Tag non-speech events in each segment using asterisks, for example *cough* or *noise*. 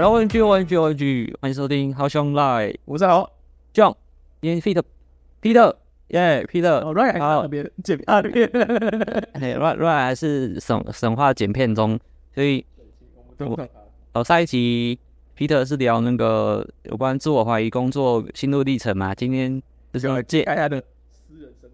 老規矩，老規矩，老規矩，歡迎收聽《How Strong Live》， *music* 我是老 John，演、yeah, Peter，Peter、yeah, 耶，Peter，right 好，right right 還是神神話剪片中，所以、嗯我我哦、上一期 Peter 是聊那個有關自我懷疑、工作心路歷程嘛？今天就是接他的私人生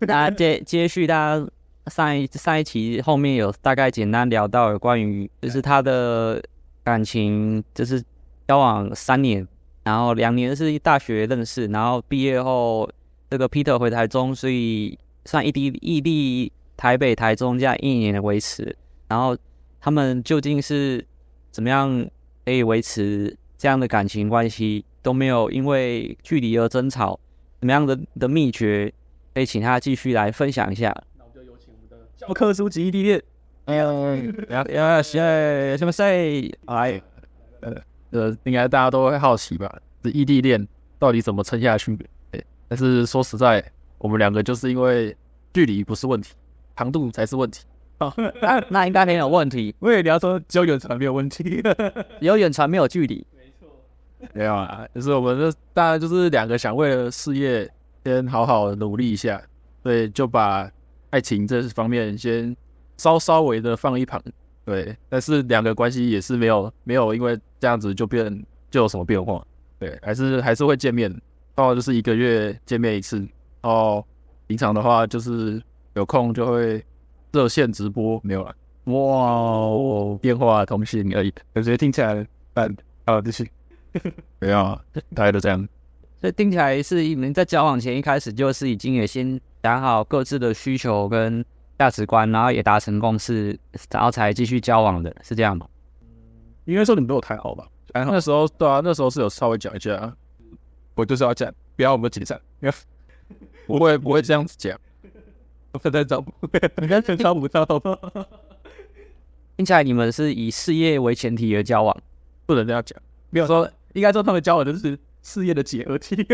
活，大家接接續大家，上一上一期後面有大概簡單聊到有關於就是他的。 *music* 感情就是交往三年，然後兩年是大學認識，然後畢業後，這個 Peter 回台中，所以算異地，異地台北、台中這樣一年的維持。然後他們究竟是怎麼樣可以維持這樣的感情關係，都沒有因為距離而爭吵，怎麼樣的的秘訣，可以請他繼續來分享一下。那我就有請我們的教科書級異地戀。沒有，哎呀呀呀！什麼誰？哎，呃呃，應該大家都會好奇吧？這異地戀到底怎麼撐下去？但是說實在，我們兩個就是因為距離不是問題，長度才是問題。哦啊、那應該沒有問題， *laughs* 因為你要說只有遠傳沒有問題， *laughs* 只有遠傳沒有距離，沒錯，沒有啊。就是我們這當然就是兩個想為了事業先好好努力一下，所以就把愛情這方面先。稍稍微的放一旁，對，但是兩個關係也是沒有沒有，因為這樣子就變就有什麼變化？對，還是還是會見面，到就是一個月見面一次哦。然後平常的話就是有空就會熱線直播沒有了，哇，電話通訊而已。感覺聽起來，但啊這些沒有，大家都這樣， *laughs* 所以聽起來是你們在交往前一開始就是已經也先打好各自的需求跟。價值觀，然後也達成共識，然後才繼續交往的，是這樣嗎？嗯，應該說你們都有談好吧？然後那時候對啊，那時候是有稍微講一下。啊。我就是要講，不要我們解散，不會不會這樣子講。實在找不到，完全找不到。聽起來你們是以事業為前提而交往，不能這樣講。沒有說，應該說他們交往的是事業的結合體，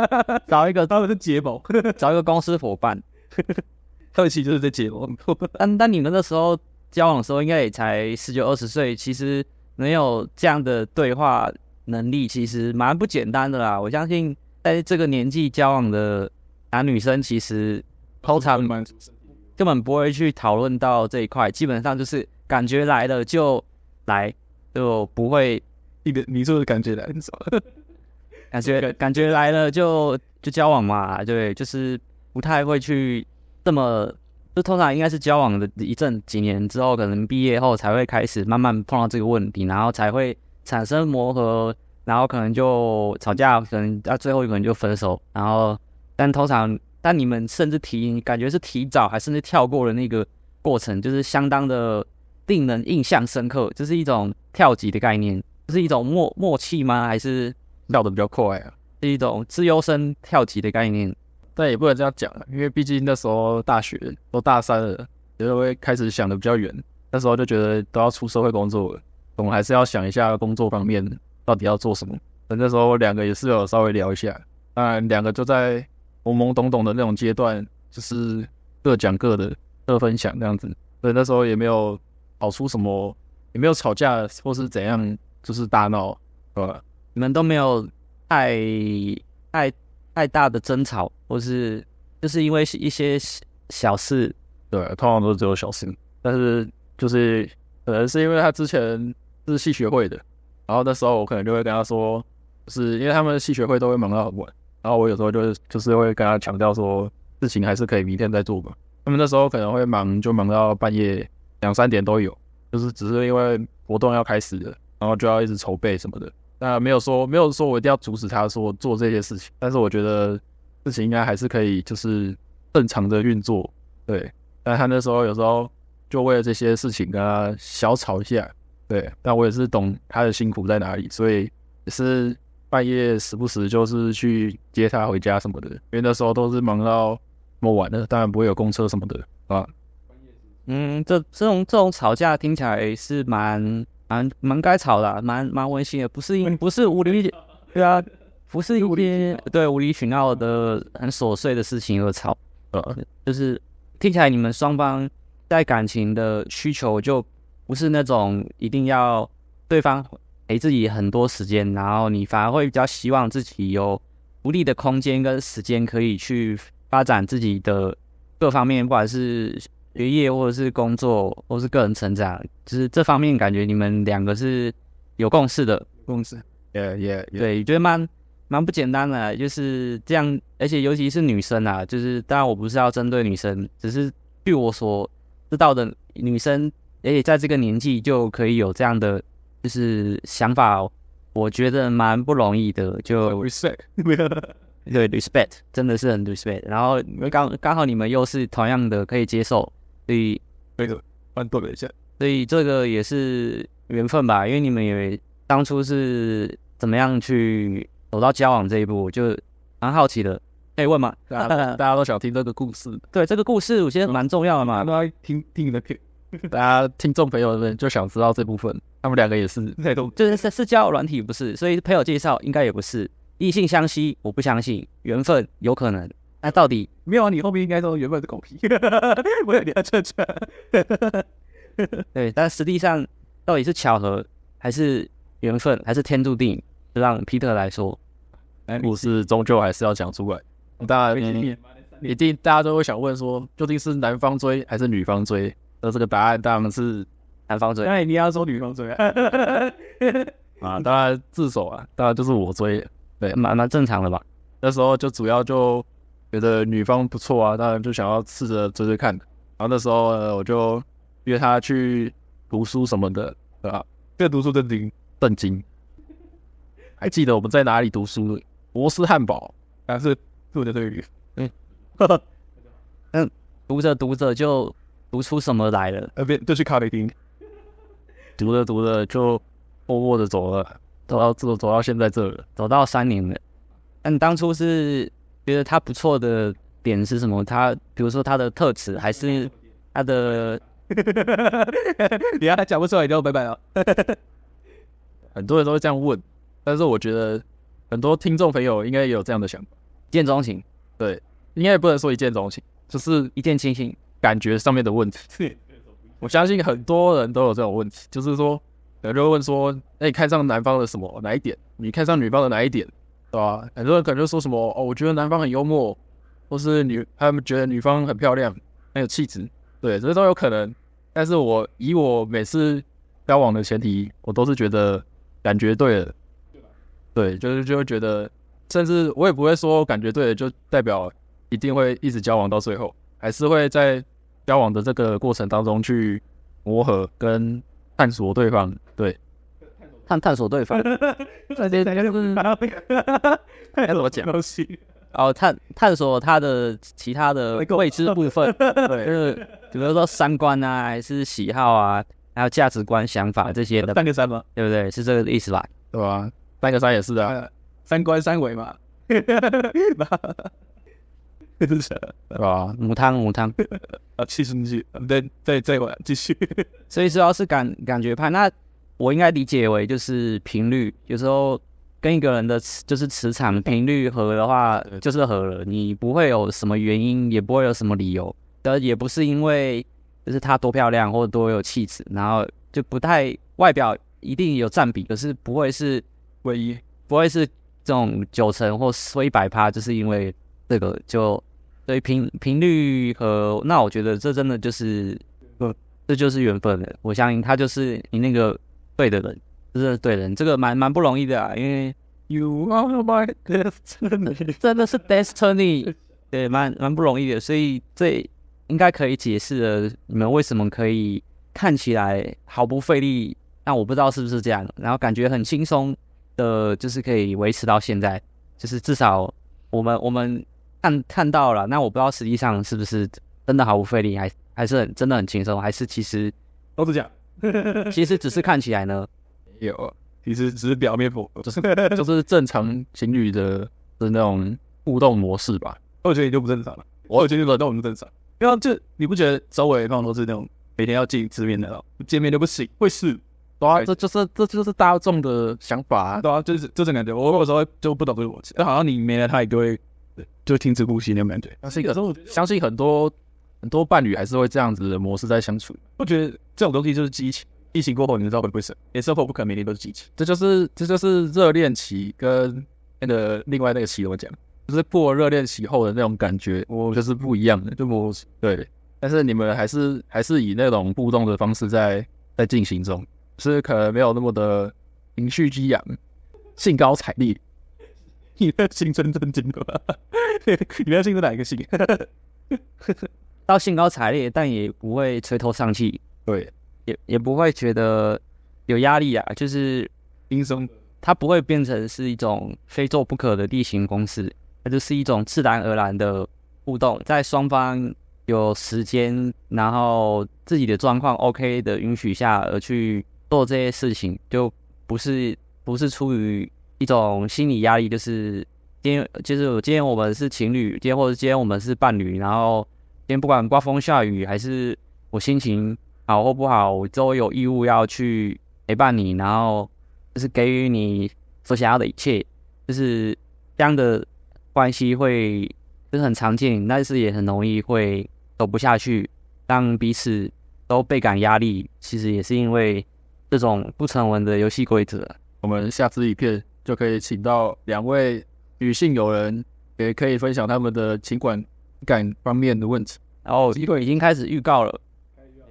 *laughs* 找一個他們是結盟， *laughs* 找一個公司夥伴。客氣就是在交 *laughs* 但，但你們那時候交往的時候，應該也才十九二十歲，其實能有這樣的對話能力，其實蠻不簡單的啦。我相信在這個年紀交往的男女生，其實通常根本不會去討論到這一塊，基本上就是感覺來了就來，就不會一點，你說的感覺來很少， *laughs* 感覺感覺來了就就交往嘛，對，就是不太會去。這麼就通常應該是交往了一陣幾年之後，可能畢業後才會開始慢慢碰到這個問題，然後才會產生磨合，然後可能就吵架，可能到、啊、最後一個人就分手。然後但通常但你們甚至提感覺是提早，還甚至跳過了那個過程，就是相當的令人印象深刻，這、就是一種跳級的概念，是一種默默契嗎？還是跳得比較快、啊？是一種資優生跳級的概念。但也不能這樣講，因為畢竟那時候大學都大三了，也會開始想得比較遠。那時候就覺得都要出社會工作了，總還是要想一下工作方面到底要做什麼。那那時候兩個也是有稍微聊一下，當然兩個就在懵懵懂懂的那種階段，就是各講各的，各分享這樣子。對，那時候也沒有搞出什麼，也沒有吵架或是怎樣，就是大鬧啊，你們都沒有太太，愛太大的爭吵，或是就是因為是一些小事，對，通常都是只有小事。但是就是可能是因為他之前是系學會的，然後那時候我可能就會跟他說，就是因為他們系學會都會忙到很晚，然後我有時候就是就是會跟他強調說，事情還是可以明天再做吧。他們那時候可能會忙就忙到半夜兩三點都有，就是只是因為活動要開始了，然後就要一直籌備什麼的。啊，沒有說，沒有說我一定要阻止他，說做這些事情。但是我覺得事情應該還是可以，就是正常的運作，對。但他那時候有時候就為了這些事情跟他小吵一下，對。但我也是懂他的辛苦在哪裡，所以是半夜時不時就是去接他回家什麼的，因為那時候都是忙到那麼晚的，當然不會有公車什麼的啊。嗯，這這種這種吵架聽起來是蠻。蠻蠻該吵的、啊，蠻蠻溫馨的，不是因不是無理，對啊，不是因對無理取鬧的很瑣碎的事情而吵，呃，就是聽起來你們雙方在感情的需求就不是那種一定要對方陪自己很多時間，然後你反而會比較希望自己有獨立的空間跟時間可以去發展自己的各方面，不管是。學業或者是工作，或是個人成長，就是這方面感覺你們兩個是有共識的。共識也也、yeah, yeah, yeah. 對，覺得蠻蠻不簡單的，就是這樣。而且尤其是女生啊，就是當然我不是要針對女生，只是據我所知道的女生，而且在這個年紀就可以有這樣的就是想法，我覺得蠻不容易的。就 respect， *laughs* 對，respect 真的是很 respect。然後剛剛好你們又是同樣的可以接受。所以，一下。所以這個也是緣分吧，因為你們也當初是怎麼樣去走到交往這一步，就蠻好奇的，可以問嗎、嗯？大，大家都想聽這個故事、嗯。對，這個故事我覺得蠻重要的嘛，大家聽聽你的聽。大家聽眾朋友們就想知道這部分，他們兩個也是，就是是是交友軟體不是，所以朋友介紹應該也不是異性相吸，我不相信，緣分有可能。那、啊、到底沒有啊？你後面應該說原本是狗屁， *laughs* 我有點扯扯。 *laughs* 對，但實際上到底是巧合還是緣分，還是天注定？讓 Peter 來說，故事終究還是要講出來。Okay. 當然、okay. 嗯，一定大家都會想問說，究竟是男方追還是女方追？那這個答案當然是男方追。那你要說女方追啊, *laughs* 啊？當然自首啊，當然就是我追，對，蠻那正常的吧。那時候就主要就。覺得女方不錯啊，當然就想要試着追追看。然後那時候、呃、我就約她去讀書什麼的，對、啊、吧？這讀書正經正經。還記得我們在哪裡讀書？博斯漢堡，還、啊、是是不對？這裡？嗯， *laughs* 嗯，讀着讀着就讀出什麼來了？呃、啊，別，就去咖啡廳。讀着讀着就默默的走了，走到走走到現在這了，走到三年了。嗯，當初是。覺得他不錯的點是什麼？他比如說他的特質，還是他的？ *laughs* 你要講不出來你就拜拜了。很多人都會這樣問，但是我覺得很多聽眾朋友應該也有這樣的想法：一見鍾情，對，應該也不能說一見鍾情，就是一見傾心，感覺上面的問題。 *laughs* 我相信很多人都有這種問題，就是說有人會問說：那、欸、你看上男方的什麼，哪一點？你看上女方的哪一點？對啊，很多人可能就說什麼哦，我覺得男方很幽默，或是女他們覺得女方很漂亮，很有氣質，對，這些都有可能。但是我以我每次交往的前提，我都是覺得感覺對了，對，就是就會覺得，甚至我也不會說感覺對了就代表一定會一直交往到最後，還是會在交往的這個過程當中去磨合跟探索對方，對。探探索對方 *laughs* 這，這些大家都是，哈哈哈哈哈！要怎麼講？哦，探探索他的其他的未知部分，對就是比如說三觀啊，還是喜好啊，還有價值觀、想法這些的、哎，三個三嗎？對不對？是這個意思吧？對吧、啊？三個三也是的、啊，三觀三維嘛，哈哈哈哈哈！是吧、啊？母湯母湯，啊，繼續繼續，對對，這一關繼續。所以主要是感感覺派，那。我應該理解為就是頻率，有時候跟一個人的磁就是磁場頻率合的話，就是合了，你不會有什麼原因，也不會有什麼理由，的，也不是因為就是她多漂亮或多有氣質，然後就不太外表一定有佔比，可是不會是唯一，不會是這種九成或說一百趴，就是因為這個就所以頻頻率和，那我覺得這真的就是，這就是緣分了，我相信他就是你那個。對的人，就是對的人，這個蠻蠻不容易的啊，因為 you are my destiny，真的是 destiny，對，蠻蠻不容易的，所以這應該可以解釋了你們為什麼可以看起來毫不費力，但我不知道是不是這樣，然後感覺很輕鬆的，就是可以維持到現在，就是至少我們我們看看到了，那我不知道實際上是不是真的毫不費力，還還是很真的很輕鬆，還是其實，老實講。 *laughs* 其實只是看起來呢， *laughs* 有、啊，其實只是表面破，就是就是正常情侶的，是那種互動模式吧。我覺得你就不正常了，我我覺得互動很正常。因為就你不覺得周圍朋友都是那種每天要見見面的，見面就不行？會死，對啊，這就是這就是大眾的想法啊，對，對啊，就是這種感覺。我有時候就不懂這個邏輯， *laughs* 但好像你沒了他也就對，就會就停止呼吸那種感覺。他是一個 *laughs* 相信很多。很多伴侶還是會這樣子的模式在相處，我覺得這種東西就是激情。激情過後，你知道會不會死？也是否不可能每天都是激情？這就是這就是熱戀期跟那個另外那個期我講，就是過熱戀期後的那種感覺，我就是不一樣的。就模式，對，但是你們還是還是以那種互動的方式在在進行中，是可能沒有那麼的情緒激昂、興高采烈。你的青春真經的哈。 *laughs* 你要青春哪一個哈。 *laughs* 到興高采烈，但也不會垂頭喪氣，對，也也不會覺得有壓力啊，就是輕鬆。它不會變成是一種非做不可的例行公事，它就是一種自然而然的互動，在雙方有時間，然後自己的狀況 OK 的允許下，而去做這些事情，就不是不是出於一種心理壓力，就是今天就是今天我們是情侶，今天或者今天我們是伴侶，然後。先不管颳風下雨，還是我心情好或不好，我都有義務要去陪伴你，然後就是給予你所想要的一切。就是這樣的關係會就是很常見，但是也很容易會走不下去，讓彼此都倍感壓力。其實也是因為這種不成文的遊戲規則。我們下次影片就可以請到兩位女性友人，也可以分享她們的情感。感方面的問題，然後因為已經開始預告了，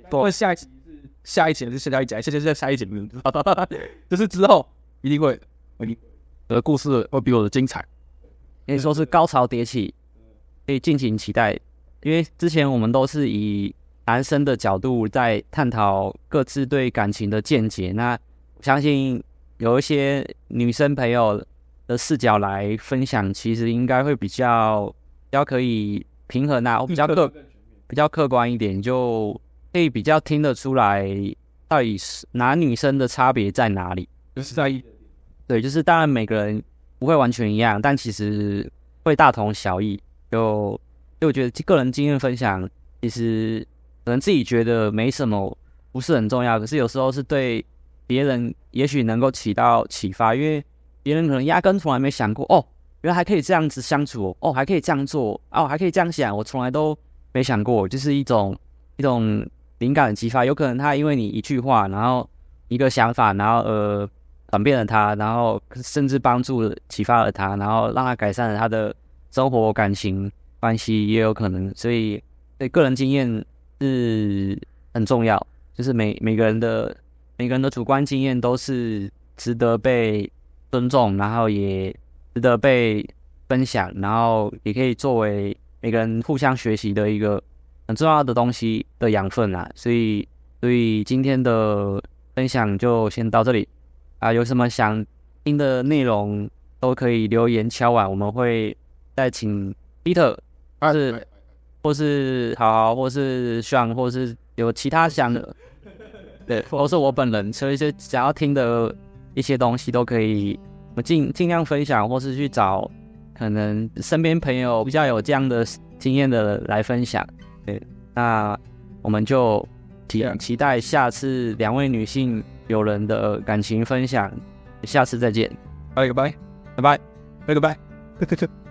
不過下一期是下一期是下一期，現在是下一節，就是之後一定會，我的故事會比我的精彩，可以說是高潮迭起， *laughs* 可以盡情期待。因為之前我們都是以男生的角度在探討各自對感情的見解，那我相信有一些女生朋友的視角來分享，其實應該會比較要可以。平衡啊，我、哦、比較客比較客觀一點，就可以比較聽得出來到底是男女生的差別在哪裡，就是在意。對，就是當然每個人不會完全一樣，但其實會大同小異。就就我覺得個人經驗分享，其實可能自己覺得沒什麼不是很重要，可是有時候是對別人也許能夠起到啟發，因為別人可能壓根從來沒想過哦。原來還可以這樣子相處哦，還可以這樣做哦，還可以這樣想，我從來都沒想過，就是一種一種靈感的激發。有可能他因為你一句話，然後一個想法，然後呃轉變了他，然後甚至幫助啟發了他，然後讓他改善了他的生活感情關係也有可能。所以對個人經驗是很重要，就是每每個人的每個人的主觀經驗都是值得被尊重，然後也。值得被分享，然後也可以作為每個人互相學習的一個很重要的東西的養分啊。所以，所以今天的分享就先到這裡啊。有什麼想聽的內容都可以留言敲碗，我們會再請 Peter、啊是啊、或是或是好，或是 n g 或是有其他想的，對，或是我本人，所以一些想要聽的一些東西都可以。我盡盡量分享，或是去找，可能身邊朋友比較有這樣的經驗的來分享。對，那我們就挺期待下次兩位女性友人的感情分享，下次再見，拜個拜，拜拜，拜個拜。